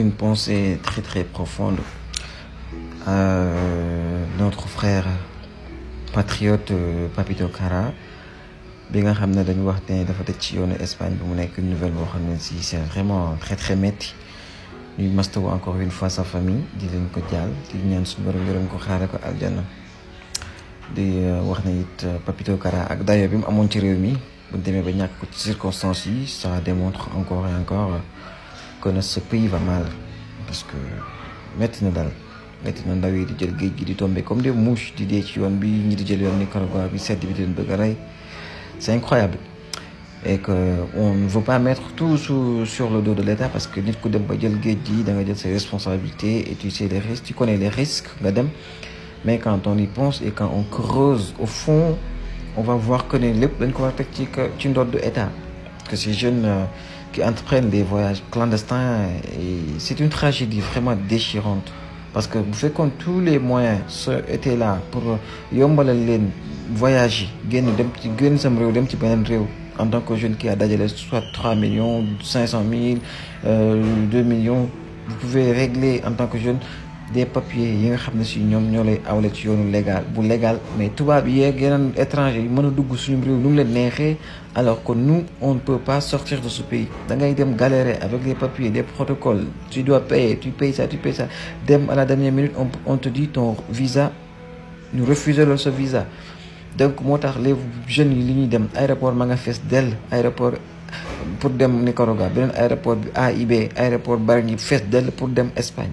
une pensée très très profonde à euh, notre frère patriote euh, Papito Kara bi nga de ne dañu wax ne dafa tëj ci Espagne bi mu nekk une nouvelle boo xam ne c'est vraiment très très métti Nous mastawu encore une fois sa famille di leen ko jaal di ñaan suñu borom yërëm ko xaare ko aljana di euh, wax ne it Papito Kara ak dayo bi mu amoon ci réew mi bu demee ba ci circonstances yi ça démontre encore et encore ce pays va mal parce que maintenant maintenant daal métti na ndaw comme des mouches des dee ci bi ñi di jël Nicaragua bi sedd bi di c'est incroyable et que on ne veut pas mettre tout sur le dos de l'État parce que nit ku dem ba ses responsabilités et tu sais les risques tu connais les risques madame. mais quand on y pense et quand on creuse au fond on va voir que les lépp dañ ko tactique a teg ci ci que ces jeunes euh, entreprennent des voyages clandestins. Et c'est une tragédie vraiment déchirante. Parce que vous faites quand tous les moyens étaient là pour voyager gagner en tant que jeune qui a d'ailleurs soit 3 millions 500 000 2 millions vous pouvez régler en tant que jeune des papiers yi nga xam ne si ñoom ñoo lay ci légal bu légal mais tubaab vas ak étranger yi mën a dugg suñu réew nu mu leen alors que nous on ne peut pas sortir de ce pays da ngay dem galérer avec des papiers des protocoles tu dois payer tu payes ça tu payes ça dem à la dernière minute on te dit ton visa nous refusons leur ce visa donc moo tax les jeunes yi li ñuy dem aéroport ma nga aéroport pour dem Nicaragua à aéroport bi AIB aéroport bari ngi fees dell pour dem Espagne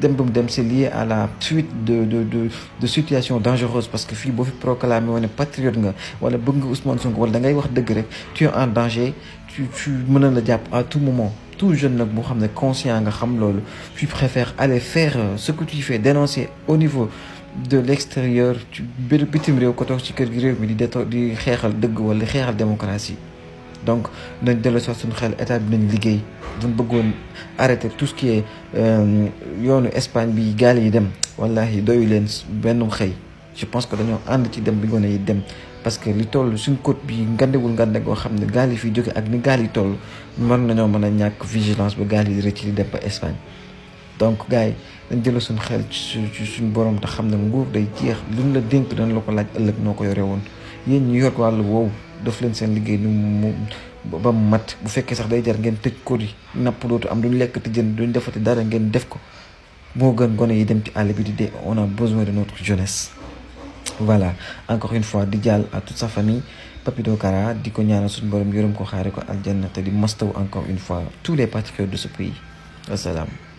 dem ba dem c'est lié à la suite de de de de situation dangereuse parce que fii boo fi proclamé on est patriote nga wala bëgg nga Ousmane Sonko wala da ngay wax deug rek tu es en danger tu tu mën na la à tout moment. tout jeune nag boo xamné ne conscient nga xam lolu tu préfères aller faire euh, ce que tu fais dénoncer au niveau de l'extérieur tu bitim réew ko toog ci kër gi réew mi di di xéxal deug wala xéxal démocratie. donc nañ dellusiwaat suñu xel état bi nañ liggéey buñ bëggoon arrêté tout ce qui euh, yoonu Espagne bi gaal yi dem wallahi doyu leen benn xëy je pense que dañoo ànd ci dem bi ngoone yi dem parce que li toll suñ côte bi ngandewul ngande goo xam ne gaal yi fiy jóge ak ni gaal yi toll mën nañoo mën a ñàkk vigilance ba gaal yi rëcc li dem ba Espagne donc gars yi dañ jëla suñ xel ci suñ borom te xam ne nguur day jeex luñ la dénk dañ la ko laaj ëllëg noo ko yore woon yéen ñu yor wàll woowu def leen seen liggéey ni mu ba mu mat bu fekkee sax day jar ngeen tëj ko di napp dootu am duñ lekk te duñ defati dara ngeen def ko moo gën gone yi dem ci àll bi di dee on a besoin de notre jeunesse. voilà encore une fois di jàll à toute sa famille Papito Kara di ko ñaanal suñu borom yërëm ko xaare ko aljanna te di mastaw encore une fois tous les particules de ce pays wasalaam.